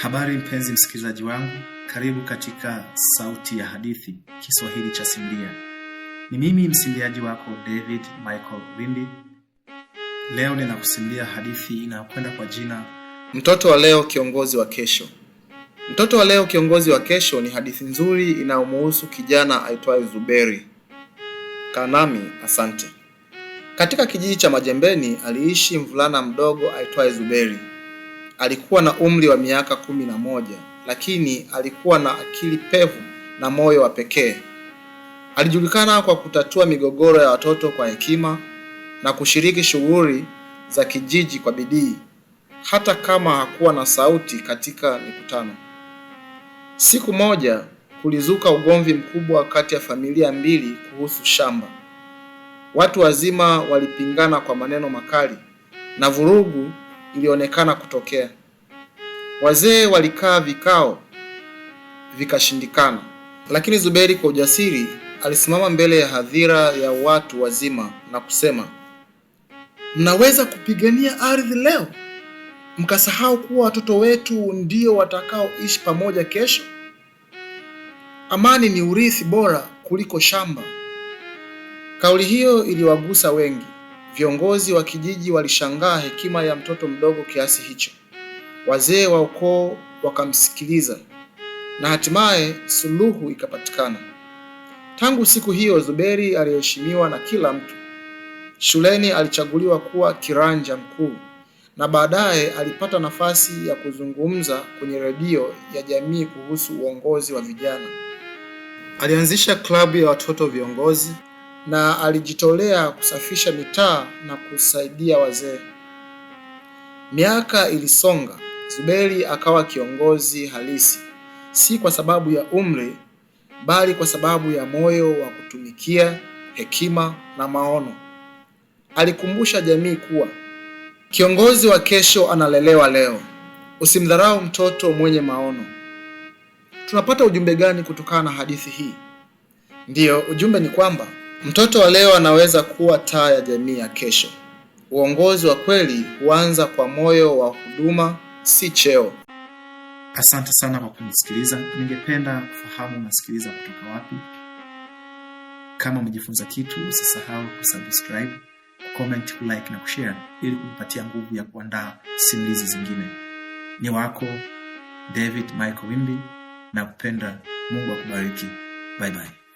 Habari mpenzi msikilizaji wangu, karibu katika Sauti ya Hadithi Kiswahili cha Simbia. Ni mimi msimbiaji wako David Michael Wimbi. Leo ninakusimbia hadithi inayokwenda kwa jina Mtoto wa leo kiongozi wa kesho. Mtoto wa leo kiongozi wa kesho ni hadithi nzuri inayomuhusu kijana aitwaye Zuberi. Kanami, asante. Katika kijiji cha Majembeni aliishi mvulana mdogo aitwaye Zuberi. Alikuwa na umri wa miaka kumi na moja, lakini alikuwa na akili pevu na moyo wa pekee. Alijulikana kwa kutatua migogoro ya watoto kwa hekima na kushiriki shughuli za kijiji kwa bidii, hata kama hakuwa na sauti katika mikutano. Siku moja kulizuka ugomvi mkubwa kati ya familia mbili kuhusu shamba. Watu wazima walipingana kwa maneno makali na vurugu ilionekana kutokea. Wazee walikaa vikao, vikashindikana, lakini Zuberi kwa ujasiri alisimama mbele ya hadhira ya watu wazima na kusema, mnaweza kupigania ardhi leo mkasahau kuwa watoto wetu ndio watakaoishi pamoja kesho. Amani ni urithi bora kuliko shamba. Kauli hiyo iliwagusa wengi. Viongozi wa kijiji walishangaa hekima ya mtoto mdogo kiasi hicho. Wazee wa ukoo wakamsikiliza na hatimaye suluhu ikapatikana. Tangu siku hiyo, Zuberi aliheshimiwa na kila mtu. Shuleni alichaguliwa kuwa kiranja mkuu na baadaye alipata nafasi ya kuzungumza kwenye redio ya jamii kuhusu uongozi wa vijana. Alianzisha klabu ya watoto viongozi na alijitolea kusafisha mitaa na kusaidia wazee. Miaka ilisonga, Zuberi akawa kiongozi halisi, si kwa sababu ya umri, bali kwa sababu ya moyo wa kutumikia, hekima na maono. Alikumbusha jamii kuwa kiongozi wa kesho analelewa leo. Usimdharau mtoto mwenye maono. Tunapata ujumbe gani kutokana na hadithi hii? Ndiyo, ujumbe ni kwamba Mtoto wa leo anaweza kuwa taa ya jamii ya kesho. Uongozi wa kweli huanza kwa moyo wa huduma, si cheo. Asante sana kwa kunisikiliza. Ningependa kufahamu unasikiliza kutoka wapi. Kama umejifunza kitu, usisahau kusubscribe, comment, kulike na kushare ili kumpatia nguvu ya kuandaa simulizi zingine. Ni wako David Michael Wimbi na kupenda. Mungu akubariki. Bye bye.